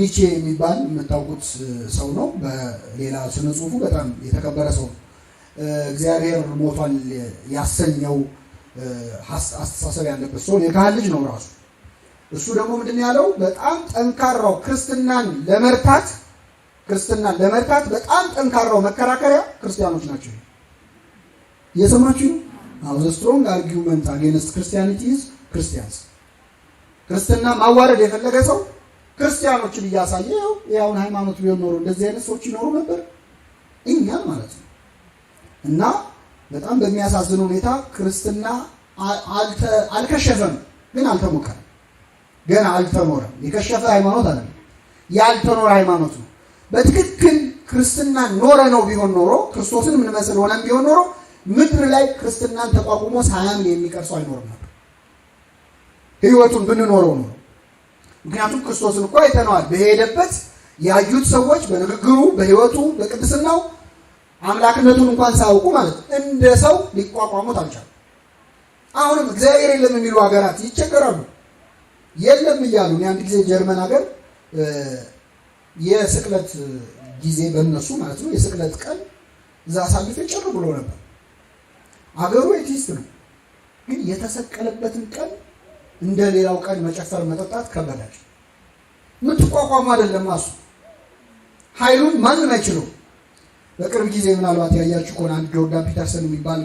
ኒቼ የሚባል የምታውቁት ሰው ነው። በሌላ ስነ ጽሁፉ በጣም የተከበረ ሰው እግዚአብሔር ሞቷል ያሰኘው አስተሳሰብ ያለበት ሰው የካህን ልጅ ነው ራሱ። እሱ ደግሞ ምንድን ያለው በጣም ጠንካራው ክርስትናን ለመርታት ክርስትናን ለመርታት በጣም ጠንካራው መከራከሪያ ክርስቲያኖች ናቸው። የሰማችሁ ዘ ስትሮንግ አጌንስት ክርስቲያኒቲ ኢዝ ክርስቲያንስ። ክርስትና ማዋረድ የፈለገ ሰው ክርስቲያኖችን እያሳየ ያውን ሃይማኖት ቢሆን ኖሮ እንደዚህ አይነት ሰዎች ይኖሩ ነበር እኛ ማለት ነው። እና በጣም በሚያሳዝን ሁኔታ ክርስትና አልከሸፈም፣ ግን አልተሞከረም፣ ገና አልተኖረም። የከሸፈ ሃይማኖት አለ ያልተኖረ ሃይማኖት ነው። በትክክል ክርስትና ኖረ ነው ቢሆን ኖሮ ክርስቶስን የምንመስል ሆነም ቢሆን ኖሮ ምድር ላይ ክርስትናን ተቋቁሞ ሳያምን የሚቀርሰው አይኖርም ነበር። ህይወቱን ብንኖረው ኖሮ ምክንያቱም ክርስቶስን እኮ አይተነዋል። በሄደበት ያዩት ሰዎች በንግግሩ፣ በህይወቱ በቅድስናው አምላክነቱን እንኳን ሳያውቁ ማለት እንደ ሰው ሊቋቋሙት አልቻሉ። አሁንም እግዚአብሔር የለም የሚሉ ሀገራት ይቸገራሉ። የለም እያሉ እኔ አንድ ጊዜ ጀርመን ሀገር የስቅለት ጊዜ በእነሱ ማለት ነው የስቅለት ቀን እዛ አሳልፌ ጭር ብሎ ነበር። አገሩ ኤቲስት ነው፣ ግን የተሰቀለበትን ቀን እንደ ሌላው ቀን መጨፈር፣ መጠጣት ከበዳቸው። የምትቋቋሙ አይደለም እሱ ኃይሉን ማንም አይችለው። በቅርብ ጊዜ ምናልባት ያያችሁ ከሆነ አንድ ጆርዳን ፒተርሰን የሚባል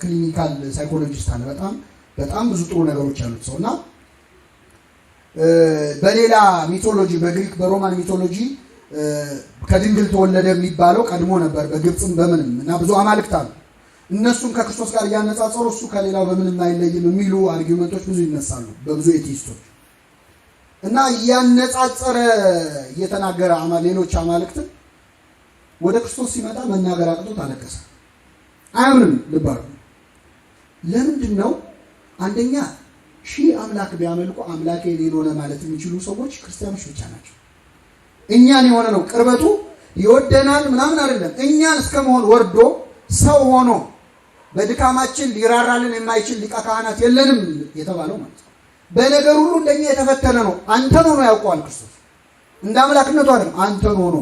ክሊኒካል ሳይኮሎጂስት አለ። በጣም በጣም ብዙ ጥሩ ነገሮች ያሉት ሰው እና በሌላ ሚቶሎጂ በግሪክ በሮማን ሚቶሎጂ ከድንግል ተወለደ የሚባለው ቀድሞ ነበር፣ በግብፅም በምንም እና ብዙ አማልክት አሉ እነሱን ከክርስቶስ ጋር እያነጻጸሩ እሱ ከሌላው በምንም አይለይም የሚሉ አርጊመንቶች ብዙ ይነሳሉ በብዙ ኤቲስቶች እና እያነጻጸረ የተናገረ ሌሎች አማልክትን ወደ ክርስቶስ ሲመጣ መናገር አቅቶ ታለቀሰ። አያምንም ልባሉ። ለምንድን ነው? አንደኛ ሺህ አምላክ ቢያመልኩ አምላኬ የሌለ ሆነ ማለት የሚችሉ ሰዎች ክርስቲያኖች ብቻ ናቸው። እኛን የሆነ ነው ቅርበቱ ይወደናል ምናምን አይደለም። እኛን እስከመሆን ወርዶ ሰው ሆኖ በድካማችን ሊራራልን የማይችል ሊቀ ካህናት የለንም የተባለው ማለት ነው። በነገር ሁሉ እንደኛ የተፈተነ ነው። አንተን ሆኖ ያውቀዋል ክርስቶስ እንደ አምላክነቱ አይደለም። አንተን ሆኖ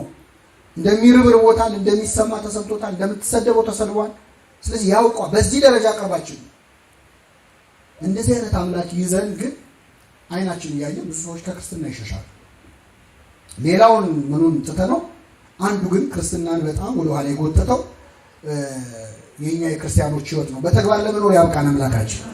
እንደሚርብ ርቦታል፣ እንደሚሰማ ተሰምቶታል፣ እንደምትሰደበው ተሰድቧል። ስለዚህ ያውቋል። በዚህ ደረጃ ቅርባችን እንደዚህ አይነት አምላክ ይዘን ግን አይናችን እያየ ብዙ ሰዎች ከክርስትና ይሸሻሉ። ሌላውን ምኑን ትተነው አንዱ ግን ክርስትናን በጣም ወደኋላ የጎተተው የኛ የክርስቲያኖች ህይወት ነው። በተግባር ለመኖር ያውቃን አምላካችን።